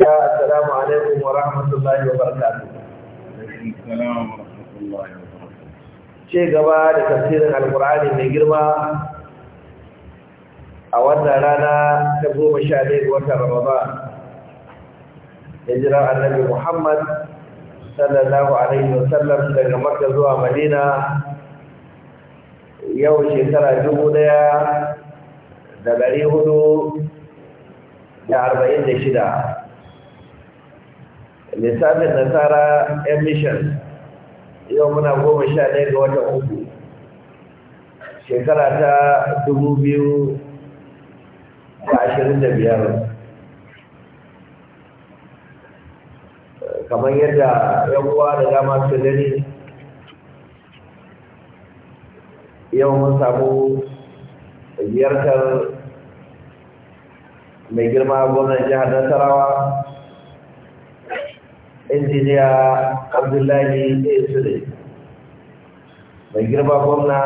ya assalamu alaikum wa rahmatullahi wa barakatuh ce gaba da tafsirin alkur'ani mai girma a wannan rana ta goma sha ɗaya ga watan ramadan hijirar annabi muhammad sallallahu alaihi wasallam daga makka zuwa madina yau shekara dubu ɗaya da ɗari hudu da arba'in da shida lissafin nasara emission yau muna goma sha ɗaya ga watan uku shekara ta dubu biyu da ashirin da biyar kamar yadda yan uwa da dama su gani yau mun samu ziyartar mai girma gwamnan jihar nasarawa injiniya abdullahi esure mai girma gwamna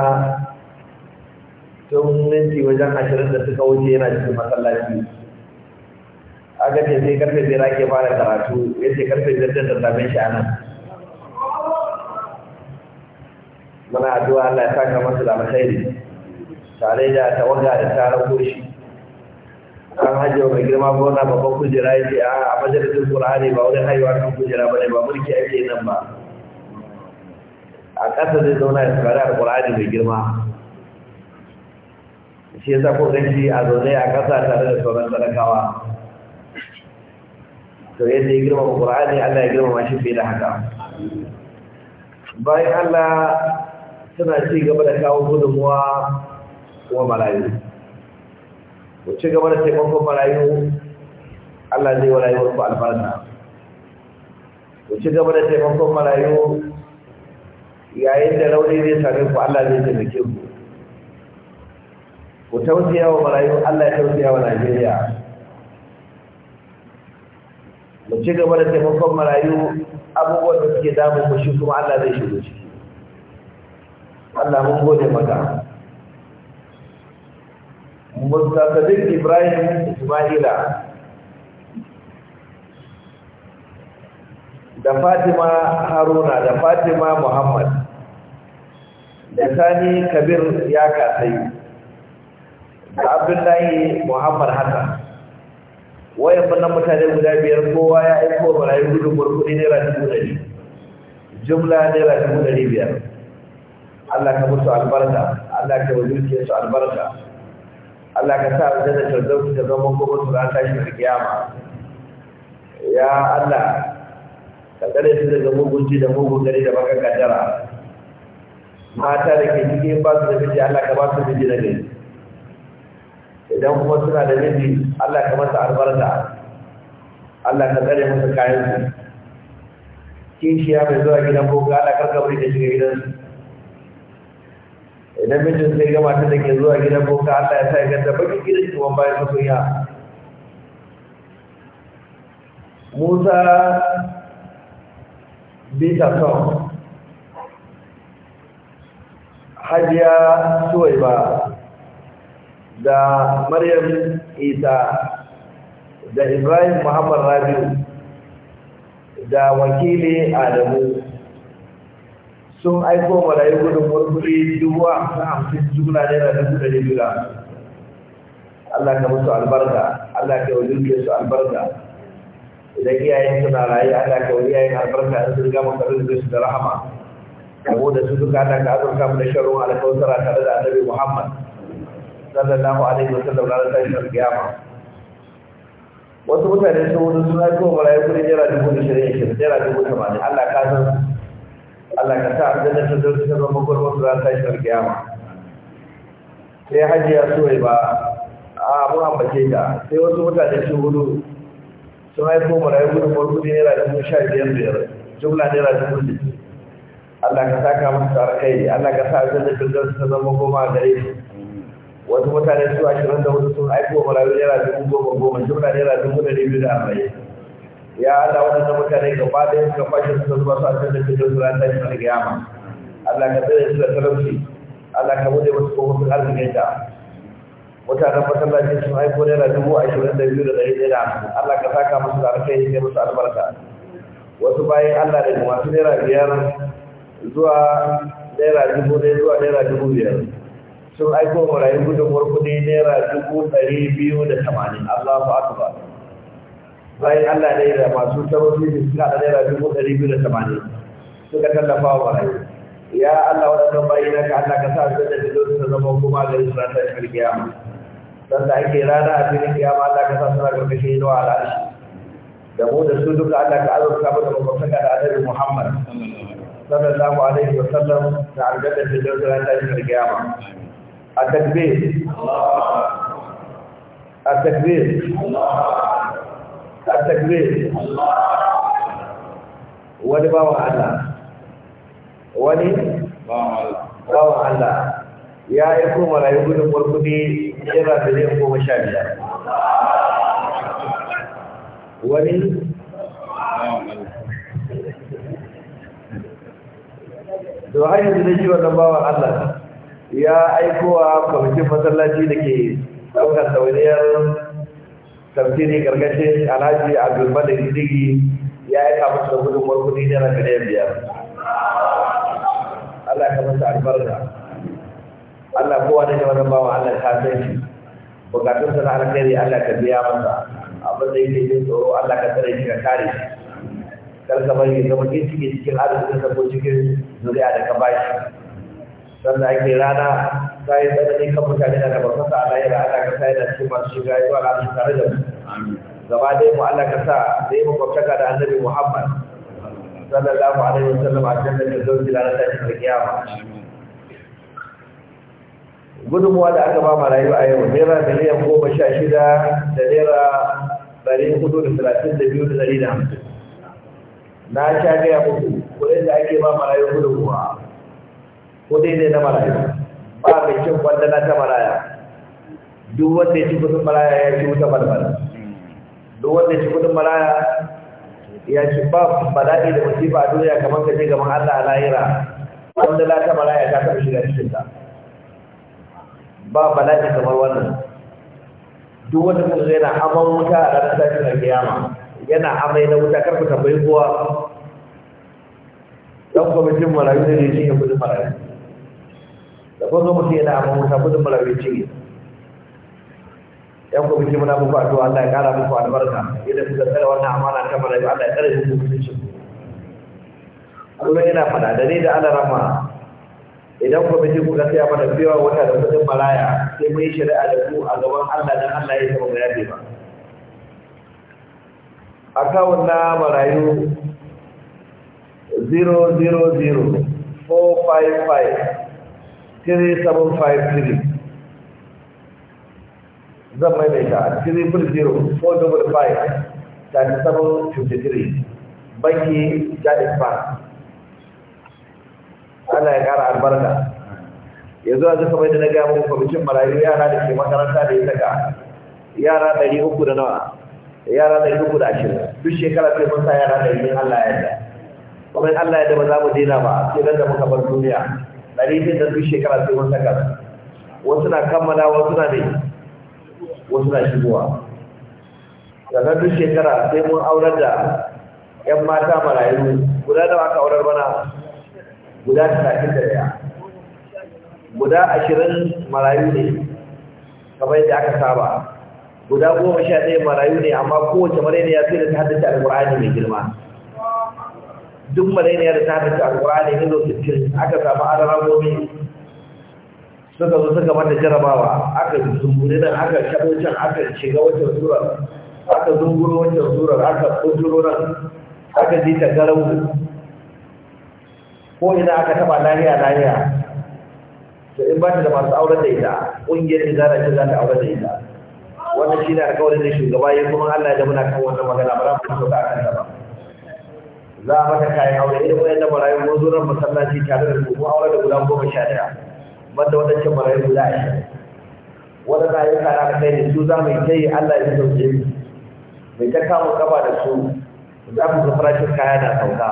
tun minti wajen ashirin da suka wuce yana cikin masallaci aka ce sai karfe biyar ke fara karatu ya ce karfe biyar da same shi a nan muna addu'a Allah ya saka masa da alkhairi tare da tawaga da tarar goshi an hajji mai girma ko na babban kujera ya ce a majalisun ƙur'ani ba wani haihuwa kan kujera ba ne ba mulki ake nan ba a ƙasa zai zauna ya tsari a kur'ani mai girma shi ya sako ko shi a zaune a ƙasa tare da sauran talakawa to yadda ya girma ƙur'ani allah ya girma shi fiye da haka bayan allah suna ci gaba da kawo gudunmuwa kuma malayu ko ci gaba da taimakon marayu Allah zai wa rayuwar ku albarka ko ci gaba da taimakon marayu yayin da rauni zai same ku Allah zai taimake ku ku tausiya wa marayu Allah ya tausiya wa Najeriya mu ci gaba da taimakon marayu abubuwan da suke damu mu shi kuma Allah zai shigo ciki Allah mun gode maka mustasadin ibrahim ismaila da fatima haruna da fatima muhammad da sani kabir ya kasai da abdullahi muhammad hassan wayan fannin mutane guda biyar kowa ya aiko marayu gudun kudi naira dubu ɗari jumla naira dubu ɗari biyar allah ka musu albarka allah ka wajen su albarka Allah ka sa aljanna da zauki ta zama kuma su ran tashi da kiyama ya Allah ka tsare su daga mugunci da mugun gari da baka kaddara mata da ke cikin ba su da miji Allah ka ba su miji na gari idan kuma suna da miji Allah ka masa albarka Allah ka tsare masa kayan su ya mai zuwa gidan boko Allah karka da shiga gidansu idan mijin sai gamata mata da ke zuwa gidan boka Allah ya sa ya ganta baki gidan ki wani bayan masoya Musa Bita Song Hajiya Suwaiba da Maryam Isa da Ibrahim Muhammad Rabiu da wakili Adamu sun aiko marayu gudun murkuri dubu hamsin hamsin jumla naira dubu ɗari biyu Allah ka musu albarka Allah ka wajen ke su albarka idan iyayen suna rayu Allah ka wajen iyayen albarka in sun gama karin da su da rahama kamo da su duka da ka azurka mu da sharrun alkawtara tare da annabi Muhammad sallallahu alaihi wa sallam ranar tashin kiyama wasu mutane sun wani suna aiko marayu kudin naira dubu da shirin shirin naira dubu tamanin Allah ka san Allah ka sa da ta zo ta zama gurbin da ta shi ma. sai hajiya so ba a mun ambace ta sai wasu mutane su hudu sun haifo marayu gudun gudu ne da dubu sha biyan biyar jumla naira dubu ji Allah ka saka musu tsar kai Allah ka sa da ta zo ta zama goma gare yi. wasu mutane su ashirin da wasu sun haifo marayu naira dubu goma goma jumla naira dubu ɗari biyu da arba'in ya Allah wadanda mutane gaba da yanka fashin su zuwa su aljanna da jirgin ran da shi kiyama Allah ka tsare su da talauci Allah ka bude musu kofofin arzikin ta mutanen masallacin sun aiko naira dubu ashirin da biyu da ɗari ɗaya Allah ka saka musu da alkai ne musu albarka wasu bayan Allah da masu naira biyar zuwa naira dubu ɗaya zuwa naira dubu biyar sun aiko marayu gudunmuwar kuɗi naira dubu ɗari biyu da tamanin Allah fa akbar bayan Allah ya da masu tarofi suna da naira dubu ɗari biyu da tamanin suka tallafa wa rayu ya Allah waɗannan bayi na ka Allah ka sa su da dole su zama kuma ga Isra'ila ta cikin kiyama dan da ake rana a cikin kiyama Allah ka sa su ga shi yi a rashi da mu da su duka Allah ka azurta mu da makwabtaka da Annabi Muhammad sallallahu alaihi Wasallam sallam da aljanna da dole ta cikin kiyama a takbir a takbir Allah التكبير wani bawan Allah wani bawan Allah ya yi kuma rayu gudun gwargudi yana da yin goma sha wani da har yanzu da shi wannan bawan Allah ya aikowa kwamitin masallaci da ke ɗaukar tafsiri karkashin alhaji malik digi ya yi kamar da gudunmuwar kudi na miliyan biyar allah ka masa albarka allah kowa da ke wani bawa allah ta san shi bukatunsa na alkhairi allah ka biya masa abin da yake yi tsoro allah ka tsare shi ka kare shi kar ka bari ka bakin ciki cikin arzikinsa ko cikin zuri'a da ka bashi sannan ake rana bayan tsananin kan mutane da babban sa Allah yana Allah ka sa yana cikin masu shiga zuwa Allah tare da mu gaba dai mu Allah ka sa da yi makwabtaka da annabi Muhammad sallallahu alaihi wasallam a jannar da zauji da ranar tashin alkiyama gudunmuwa da aka ba ma rayuwa a yau naira miliyan goma sha shida da naira ɗari hudu da talatin da biyu da ɗari da hamsin na sha gaya muku kuɗin da ake ba ma rayuwa kuɗi ne na marayu ba mai cin kwandana ta maraya duk wanda ya ci kudin maraya ya ci wuta barbara duk wanda ya ci kudin maraya ya ci ba bala'i da musifa a duniya kamar ka ce gaban Allah a lahira wanda la ta maraya ta taɓa shiga cikin ta ba bala'i kamar wannan duk wanda zai na aman wuta a ranar na kiyama yana amai na wuta karfa tambayi kowa ɗan kwamitin marayu ne shi ya kudin marayu da ko mutum yana amma musa gudun malawi ce yan kwamiti muna muku addu'a Allah ya kara muku albarka yadda kuka tsare wannan amana ta malawi Allah ya tsare muku mutunci kuma yana fada da ne da Allah rama idan kwamiti kuka saya mana biyawa wata da kudin malaya sai mun yi shari'a da ku a gaban Allah dan Allah ya saba bayani ba akawun na marayu five five. 3753 zan maimaita 300-455-3753 banki jadis bank ana ya kara albarka yanzu a zuka mai da na gaya muku kwamishin marayu yara da ke makaranta da ya saka yara 300 da nawa yara 320 duk shekara sai mun sa yara 100 Allah ya yarda kuma in Allah ya yarda ba za mu dina ba sai da muka bar duniya ɗari jin da duk shekara sai wani saka wasu na kammala wasu na ne wasu na shigowa duk shekara sai mun aurar da 'yan mata marayu guda da aka aurar mana guda talatin da ɗaya guda ashirin marayu ne kamar yadda aka saba guda goma sha ɗaya marayu ne amma kowace marayu ne ya fi da ta haddace alƙur'ani mai girma duk malaria da ta tafi alkurani ne suke aka samu adarabomi suka zo suka mata jarabawa aka zumbure nan aka shaɗo can aka shiga wancan surar aka zunguro wancan surar aka ƙuduro nan aka ji ta garau ko ina aka taɓa lahiya lahiya to in ba ta da masu auren da ita ƙungiyar da za ta za ta aure da ita wannan shi ne alkawarin da shugaba ya kuma Allah ya da muna kan wannan magana ba za mu so da akan ba za a mata kayan aure irin waɗannan marayun mun zo nan masallaci tare da mu aure da guda goma sha ɗaya banda waɗancan marayun guda ashirin waɗanda ayyuka na kai ne su za mu yi ta yi Allah ya sauke mu mai ta kama kafa da su za mu zafara farashin kaya na sauka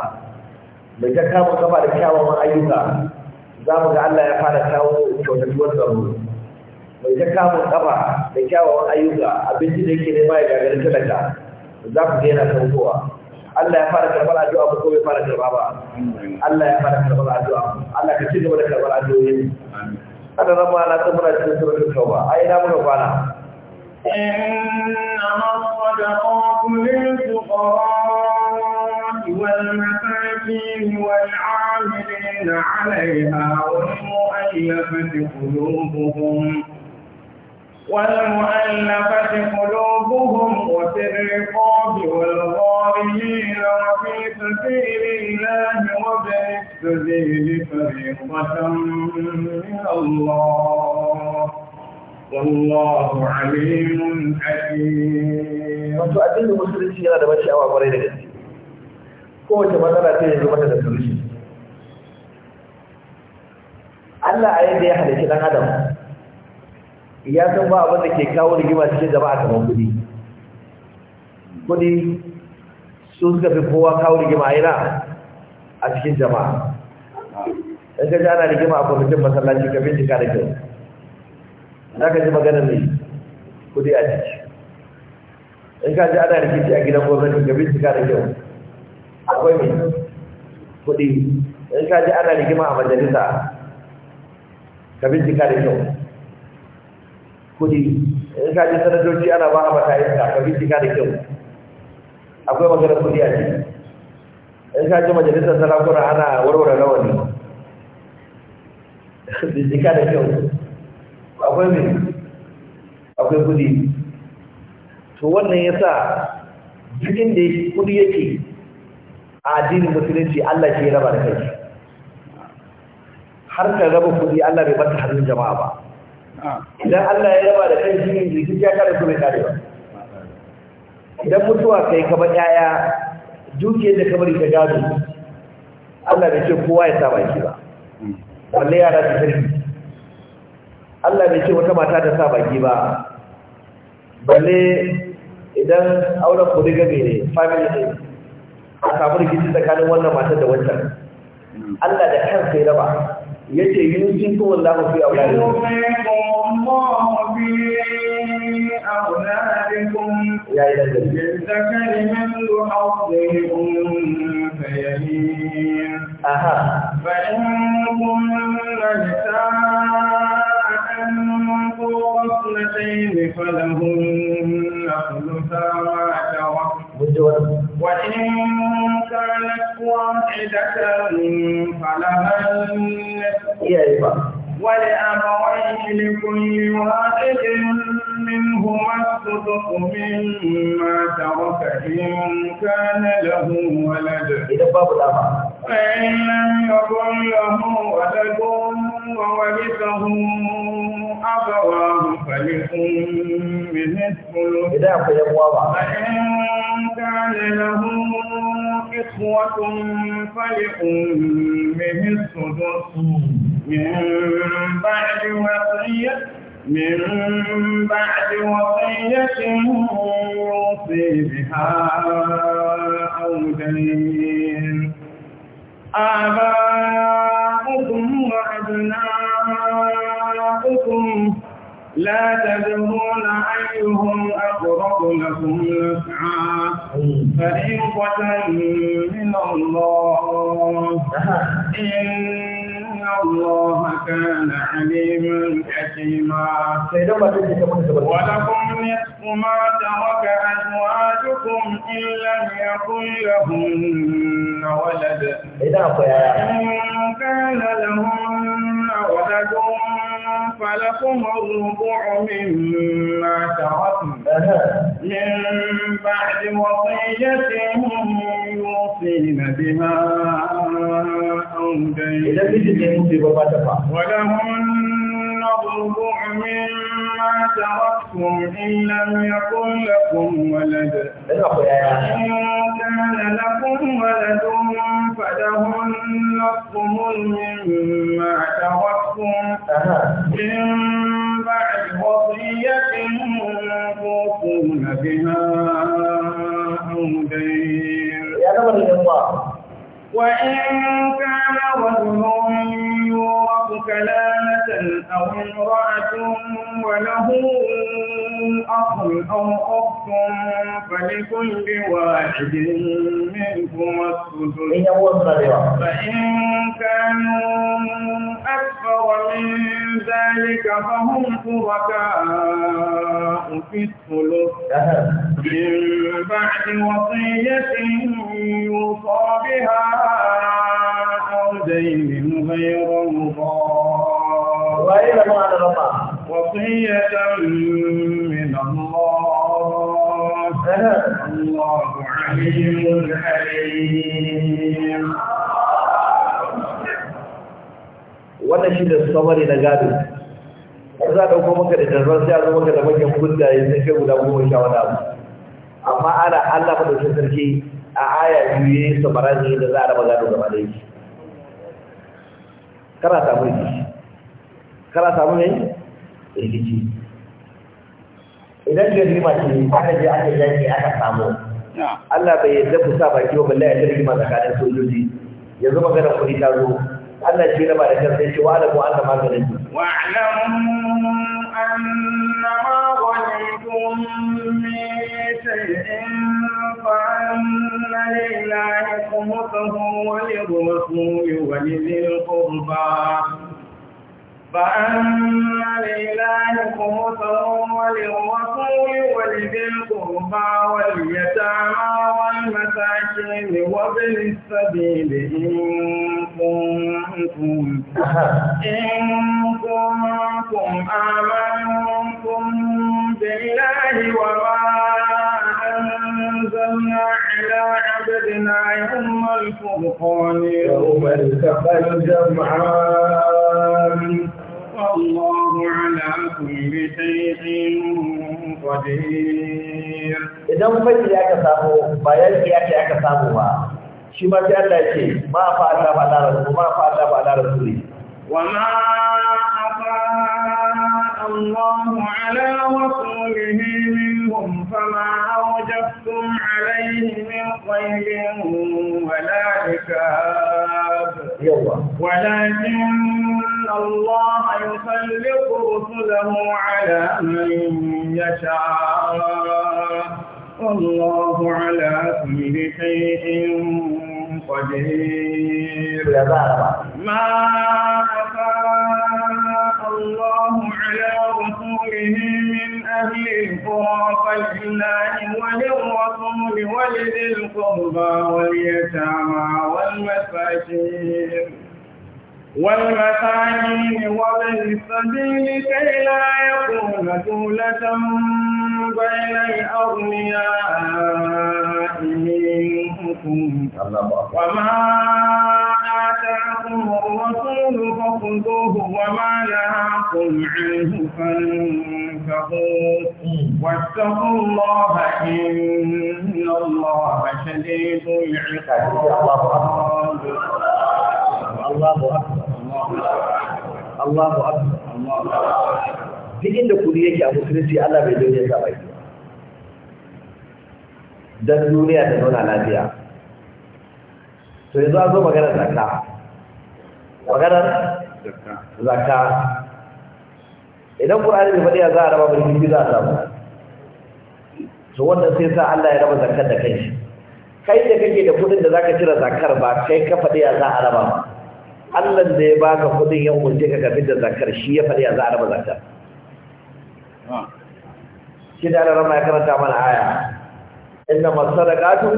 mai ta kama kafa da kyawawan ayyuka za mu ga Allah ya fara kawo kyautatuwar zaro mai ta kama kafa da kyawawan ayyuka abinci da yake nema ya gagarin talaka za ku ga yana saukowa Allah ya fara karɓar addu'a ko bai fara karɓa ba Allah ya fara karɓar addu'a Allah ka ci gaba da karɓar addu'o'i kada nan na tsara cikin suratul tauba ai na muna kwana إنما الصدقات للفقراء والمساكين والعاملين عليها da قلوبهم والمؤلفة قلوبهم وفي الرقاب والغارمين وفي سبيل الله وابن السبيل فريضة من الله والله عليم حكيم. Wasu addinin musulunci yana da ban sha'awa da gaske. Kowace matsala ce yanzu mata da solution. Allah a ya halarci ɗan Adam ya san ba abin da ke kawo rigima cikin jama'a kamar kuɗi kuɗi su suka fi kowa kawo rigima a yana a cikin jama'a ɗan ka ana rigima a kwamitin masallaci ka bincika da kyau za ka ji magana mai kuɗi a ciki ɗan ka ji ana rikici a gidan gwamnati ka bincika da kyau akwai mai kuɗi ɗan ka ji ana rigima a majalisa ka bincika da kyau kudi in ka ji sanadoci ana ba a mata iska ka bincika da kyau akwai maganar kudi a ciki in ka ji majalisar sarakuna ana warware rawani bincika da kyau akwai mai akwai kudi to wannan ya sa jikin da kudi yake a addinin musulunci Allah ke raba da kai har ka raba kudi Allah bai bata hannun jama'a ba idan Allah ya raba da kan jini rikici ya kare su mai karewa idan mutuwa kai ka ba yaya dukiyar da kamar ta gado Allah bai ce kowa ya saba ki ba balle yara su sarki Allah bai ce wata mata ta sa baki ba balle idan auren ku riga ne family ne a samu rikici tsakanin wannan matar da wancan Allah da kansa ya raba yace yunjin ko wallahi fi auladikum Allah fi auladikum ya aha أنفقوا خصلتين فلهن ثلثا ما ترك وإن كانت واحدة فلها النصف ولأبويه لكل واحد منهما الصدق مما ترك إن كان له ولد فإن لم يكن له ولد وورثه أبواه فلأمه الثلث فإن كان له إخوة فلأمه السدس من بعد وصية من بعد وصية يوصي بها أو دين آباؤكم وأبناؤكم لا تدرون أيهم أقرب لكم نفعا فريضة من الله إن الله كان عليما حكيما ولكم نصف ما ترك أزواجكم إن لم يكن لهن ولد إن كان لهن ولد فلكم الربع مما تركنا من بعد وصية يوصين بها أو دين ولهن الربع مما تركتم إن لم يكن لكم ولد إن كان لكم ولد فلهن الثمن مما تركتم من بعد وصية توصون بها أو دين وإن كان رجل يورث كلامة أو امرأة وله أخ أو أخت فلكل واحد منهما السدس فإن كانوا أكثر من ذلك فهم شركاء في الثلث من بعد وصية tashi da samari na gado za a ɗauko maka da jarrar sai a zo maka da manyan ya sai kai guda goma sha wani abu amma ana allah madaukin sarki a aya biyu ya yi samarani da za a raba gado gaba da yake kana samu rikici kana samu ne rikici idan rima ce aka je aka yanke aka samu Allah bai yadda ku sa baki wa balle a shirki ma tsakanin sojoji yanzu magana kuri ta zo Allah shi raba da kansa ce wa alamu anna ma ghanimtum wa alamu anna ma ghanimtum min shay'in fa anna lillahi khumsuhu wa lirrasuli wa lidhil qurba فأما لله خمسه وللرسول ولذي القربى واليتامى والمساكين وابن السبيل إن كنتم إن كنتم آمنتم بالله وما أنزلنا على عبدنا يوم الفرقان يوم التقى الجمعان والله على كل شيء قدير idan fadi aka samu ba aka samu ba shi ma sai Allah ce ma fa Allah ba da rasu ma fa Allah ba da rasul wa ma afa Allah ala rasulihi minhum fama awjabtum alayhi min qaylin wala rikab yawa الله يسلط رسله على من يشاء والله على كل شيء قدير ما أفاء الله على رسوله من أهل القرى فلله وللرسول ولذي القربى واليتامى والمساكين والمساكين وابن السبيل كي لا يكون دولة بين الأغنياء منكم وما آتاكم الرسول فخذوه وما نهاكم عنه فانتهوا واتقوا الله إن الله شديد العقاب الله أكبر Allahu akbar duk inda kudi yake a musulunci Allah bai dole ya bai dan duniya ta zauna lafiya to yanzu an zo magana zaka. magana zaka. idan Qur'ani bai faɗi za a raba mulki za a samu to wannan sai sa Allah ya raba zakar da kai kai da kake da kudin da zaka cire zakar ba kai ka faɗi za a raba ba Allah da ya baka kudin ya umarce ka kafin da zakar shi ya faɗi a za raba zakar ah. shi da ana rama ya karanta mana aya inna masadaqatu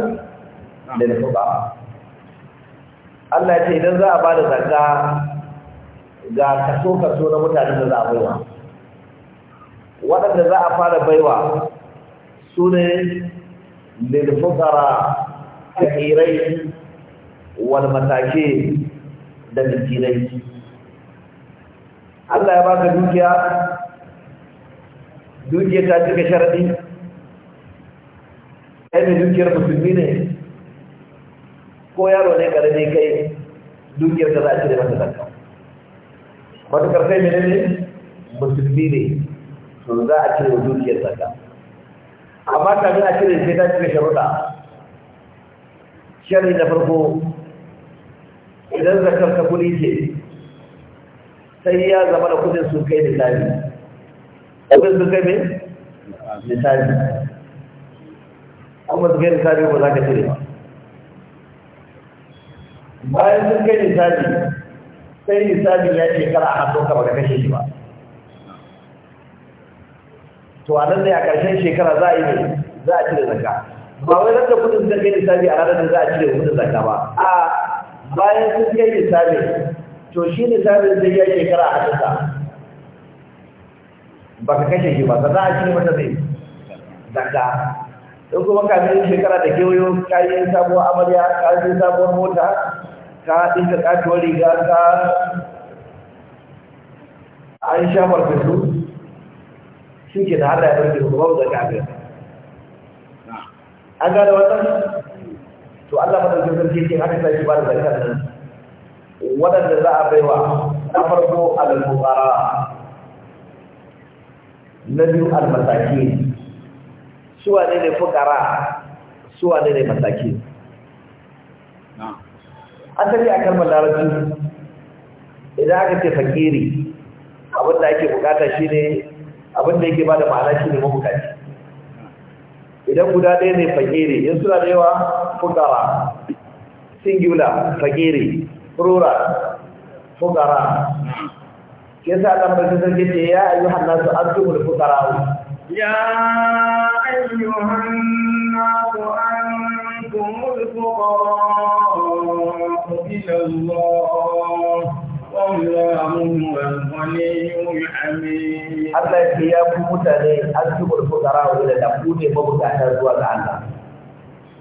ah. lil fuqara Allah ya ce idan za a ba da zakka ga kaso kaso na mutanen da za a baiwa waɗanda za a fara baiwa su ne lil fuqara fakirai wal masakin da zikirai Allah ya ba ka dukiya dukiya ta cika sharadi kai da dukiyar musulmi ne ko yaro ne karami kai dukiyar ka za a cire masa zakka matukar kai mene ne musulmi ne to za a cire dukiyar zakka amma kafin a cire sai ta cika sharuɗa shari na farko idan zakar ka kuɗi ce sai ya zama da kuɗin sun kai misali kudin sun kai me misali amma su kai misali ba za ka cire ba bayan sun kai misali sai misali ya shekara a hannun ka ba ka kashe shi ba to a nan ne a ƙarshen shekara za a yi ne za a cire zaka ba wai zaka kudin suka kai misali a ranar da za a cire kudin zaka ba a bayan sun kai misali to shi misalin zai yi shekara a kasa ba ka kashe shi ba za a cikin mata zai daga in kuma ka shekara da kewayo ka yi sabuwar amarya ka yi sabuwar mota ka ɗinka riga ka an sha farfesu shi ke da har da ya ba mu zaka abin an gane wannan to Allah madaukakin sarki ce haka sai ba da zakar nan waɗanda za a baiwa na farko al-fuqara na biyu al-masakin su wane ne fuqara su wane ne masakin asali a kalmar larabci idan aka ce fakiri abinda ake bukata shine abinda yake bada ma'ana shine mabukaci idan guda ɗaya ne fakiri yin suna da yawa fukara singular fakiri plural fukara ke sa Allah bai sarki ce ya ayyuhan nasu antumul fukara ya ayyuhan nasu antumul fukara ila Allah wallahu al-ghaniyyul hamid Allah ya ku mutane antumul fukara ila da ku ne mabukatar zuwa ga Allah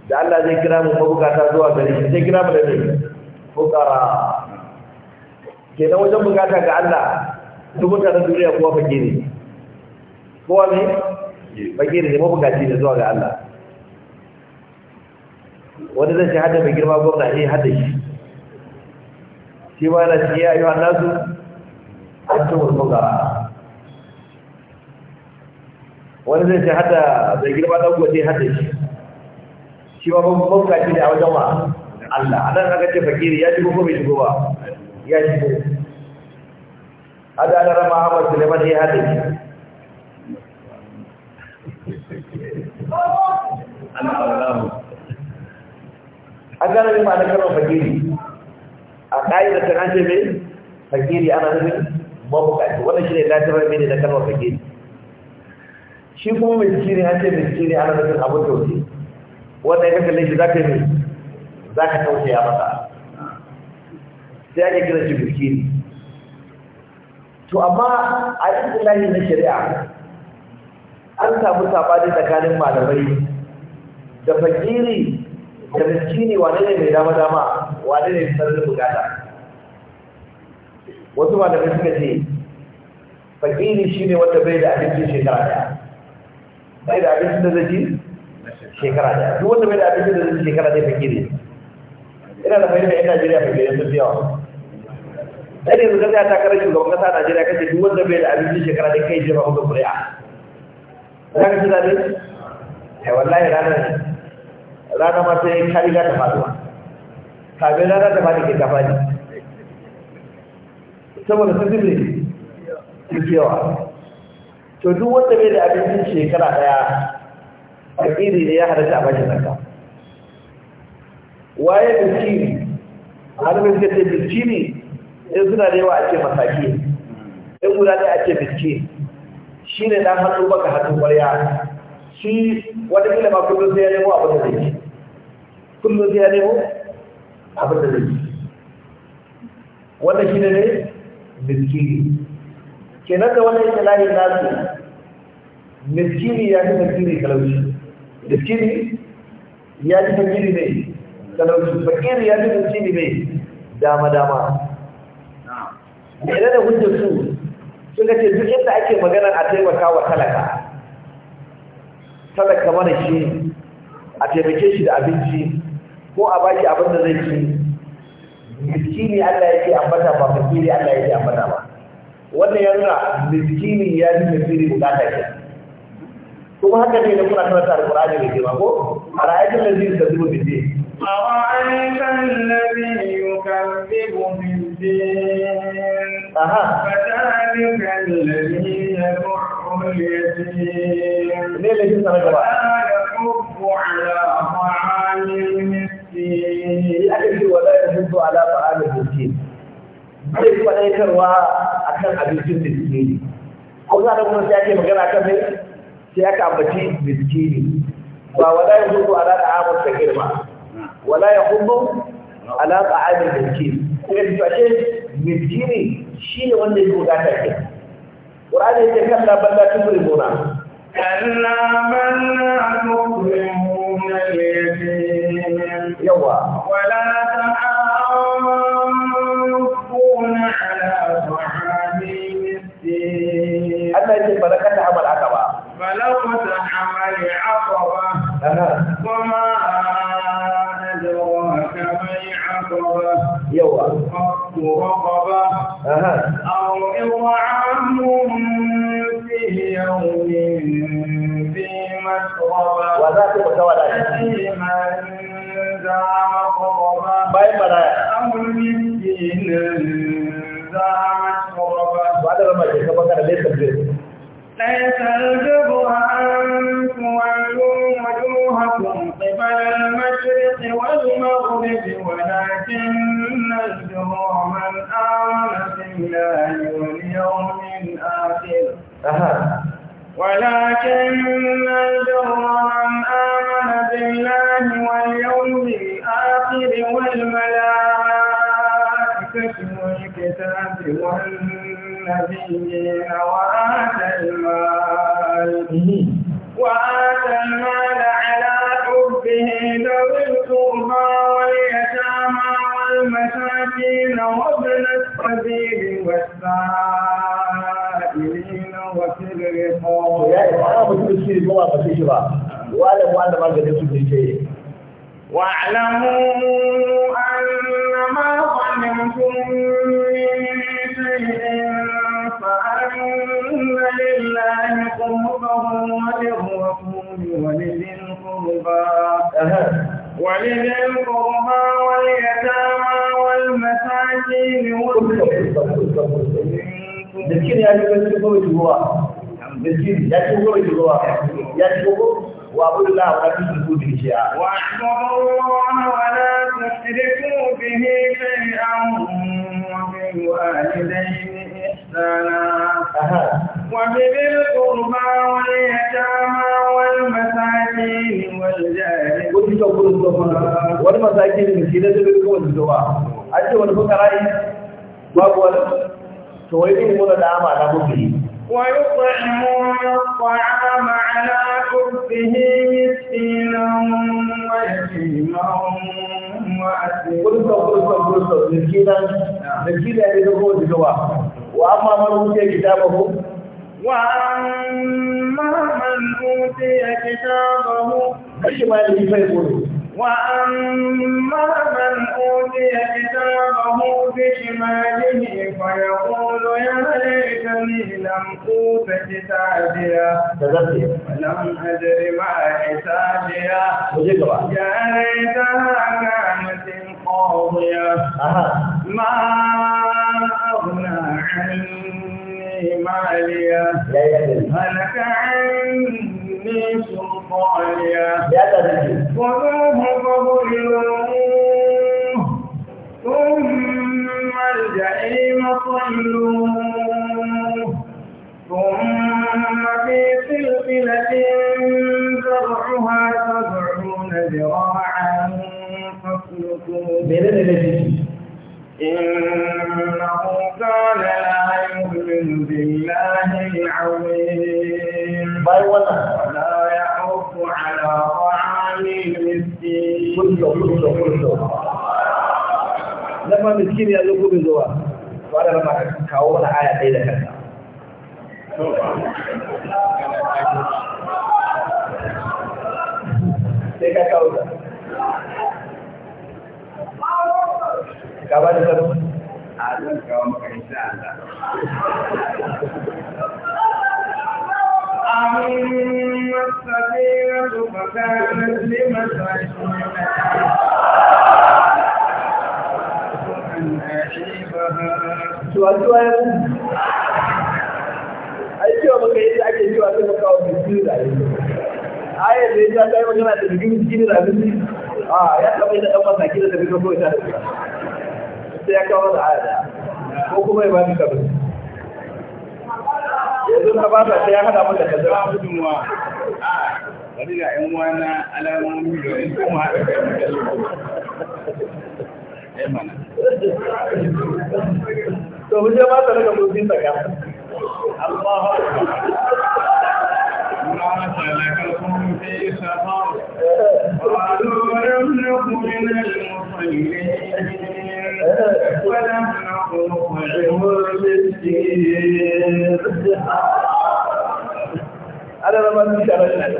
da Allah zai kira mu mabukata zuwa gare shi zai kira mu da ne fukara ke da wajen bukata ga Allah duk mutanen duniya kowa fage ne kowa ne fage ne mabukaci ne zuwa ga Allah wani zai hada mai girma gwamna ne eh, hada shi shi ma na shi ya yi wa nasu an ci mulmugara wani zai hada mai girma dan gwaje eh, hada shi shi ma bauta shi da a wajen wa Allah a nan aka ce fakiri ya shigo ko bai shigo ba ya shigo hada na rama Ahmad Suleiman ya hada shi an gane ne ma na kalmar fakiri a ƙa'idar ta an ce mai fakiri ana nufin mabukaci wannan shi ne latirar mini na kalmar fakiri shi kuma mai ciki an ce mai ciki ne ana nufin abin wuce wannan ya kalle shi zaka yi zaka tausaya masa sai ake kira shi miskini to amma a istilahi na shari'a an samu sabani tsakanin malamai da fakiri da biskini wane ne mai dama dama wane ne sarari bugada. wasu malamai suka ce fakiri shine wanda bai da abincin shekara daya bai da abincin da zai shekara da duk wanda bai da abinci da zai shekara dai ne ina da fahimta yan Najeriya fakiri sun fi yawa sai da yanzu ta kare shugaban kasa a Najeriya kace duk wanda bai da abinci shekara dai kai jefa maka kuri'a za ka ci zaɓe ai wallahi ranar rana ma sai ka riga ta faduwa kafin rana ta faɗi ke kafa ne saboda sun fi yawa to duk wanda bai da abincin shekara daya fakiri ne ya halatta a bashi zakka waye miskini da suka ce miskini in suna da yawa a ce masaki in guda da a ce miskini shi ne dan hannu baka hannu ƙwarya shi wata kila ma kullum sai ya nemo abin da zai kullum sai ya nemo abin da zai wannan shi ne ne miskini kenan da wannan ikilahin nasu miskini ya fi miskini talauci miskini ya ji fakiri ne talauci fakiri ya ji miskini ne dama dama mai da hujjar su suka ce duk inda ake magana a taimaka wa talaka talaka mana shi a taimake shi da abinci ko a baki abin da zai ci miskini Allah yake ambata ba fakiri Allah yake ambata ba wannan yanzu miskini ya ji fakiri bukata kenan kuma haka ne da kuna karanta alqur'ani da girma ko ara'aytul ladzi yukazzibu bid-din ara'aytal ladzi yukazzibu bid-din aha fadhalika alladhi yad'u al-yatim ne ladzi sanaka ba على طعام المسكين يأتي ولا يحب على طعام المسكين zai kuma ɗaikarwa a kan abincin da suke yi. Kuma za a kuma sai ake magana kan mai sai aka ambaci miskini ba wala ya zuku ala ta'amun fakir girma wala ya hudu ala ta'amun miskini sai ya ce miskini shi ne wanda ya bukata ke Qur'ani ya kalla kan la balla tumri النبيين وآتى المال وآتى المال على حبه ذوي القربى واليتامى والمساكين وابن السبيل والسائلين وفي الرقاب. يا أخي أنا بقول لك ما بقول لك وأعلموا أن ما قد يسوي شيء. واعلموا لله قربا وللرسول ولذي القربى ولذي القربى واليتامى والمساكين والمسكين يا جماعة تقولوا جوا مسكين يا تقولوا جوا يا تقولوا واعبدوا الله ولا تشركوا به شيئا واعبدوا الله ولا تشركوا به شيئا وبالوالدين إحسانا وبذي القربى واليتامى والمساكين والجار والمساكين المسكين تبقى والدعاء أنت والفقراء باب تويبين مولا دعاما على مبهي ويطعمون الطعام على حبه مسكينا ويتيما وأسيرا قلت قلت قلت مسكينا مسكينا يدخل الدعاء وأما من أوتي كتابه وأما من أوتي كتابه بشماله فيقول وأما من أوتي كتابه بشماله فيقول يا ليتني لم أوت كتابيا ولم أدر ما حسابيا يا ليتها كانت قاضية ما أغنى عني مالية هلك عني سلطانية خذوه فغلوه ثم الجحيم صلوه ثم في سلسلة ذرعها سبعون ذراعا menene da shi innahu kana la yu'minu billahi al-'azim bai wannan la ya'ufu ala ta'amil miskin kullu kullu kullu lamma miskin ya zo gobe zuwa ba da kawo wani aya ɗaya da kanka sai ka kawo ta ka ba da sabon a zan kawo maka a Allah أما السفينة فكانت لمسعينة أن أعيبها ai cewa maka yadda ake cewa sai ka kawo bisu da yi ayar da ya ta yi magana da bikin jini da abinci a ah, ya taɓa yi da ɗan masaki da tafi ka kawai da sai ya kawo da aya ko kuma ya ba ni kabir yanzu ka ba ta ya hada mun da kabir gudunwa bari ga yan wana alamomi da in kuma haɗa kai da to mu je mata daga mutum daga Allahu akbar ما سلككم في سفر قالوا لم نكن من المصلين ولم نقوم بالدين ana rama su shi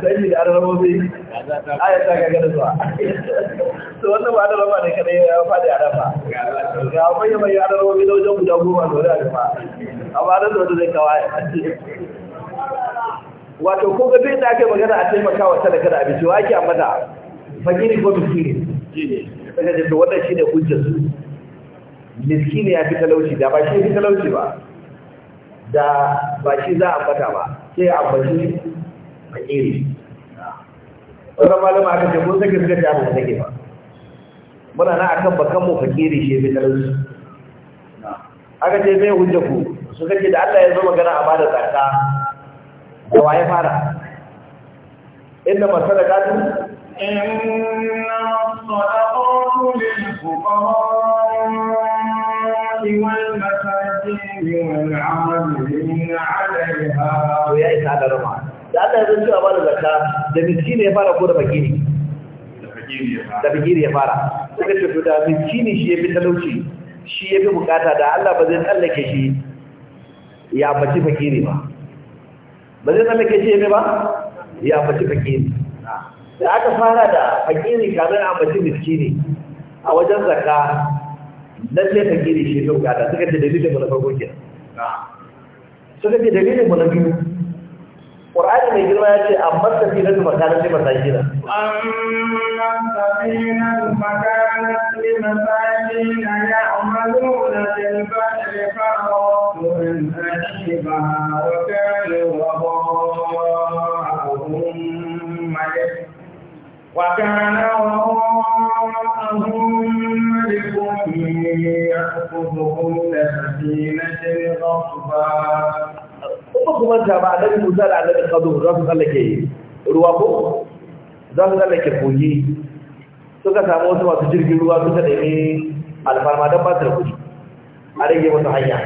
shi da ana rama zai aya ta gaga da zuwa to wannan ba ana rama ne kadai ya faɗi a rafa ga bayan bayan ana rama zai wajen guda goma da a rafa amma ana zuwa zai kawo aya wato ko ga duk da magana a taimaka wa talaka da abinci wa ake ambata fakiri ko miskini daga jinta wannan shi ne hujjar su miskini ya fi talauci da ba shi fi talauci ba da ba shi za a fata ba sai a bashi fakiri wannan malama aka ce kun sake suka jami'a da sake ba muna na akan bakan mu fakiri shi fi talauci aka ce mai hujja ku su kake da Allah ya zo magana a bada zakka da wa ya fara inna masadaqatu inna masadaqatu lil fuqara والمساجين والعاملين عليها ويا إسعاد رمع لأن هذا شو أبال الزكاة ده مسكين يفارة كورة da ya fara da miskini shi ya fi talauci shi ya fi da Allah ba tsallake shi ya faci fakiri ba tsallake shi ya ba ya da aka fara da kamar a faci a wajen zakka lalle ta gini shi yau gada suka ce dalilin mu na farko ke suka ce dalilin mu na biyu mai girma ya ce amma safina fi makana ce masakina amma safina ya da wa kana wa ملك يأخذهم kuma kuma ta ba su ruwa ko za su kogi suka samu wasu masu jirgin ruwa suka nemi alfarma don basu da kuɗi a rage musu hanya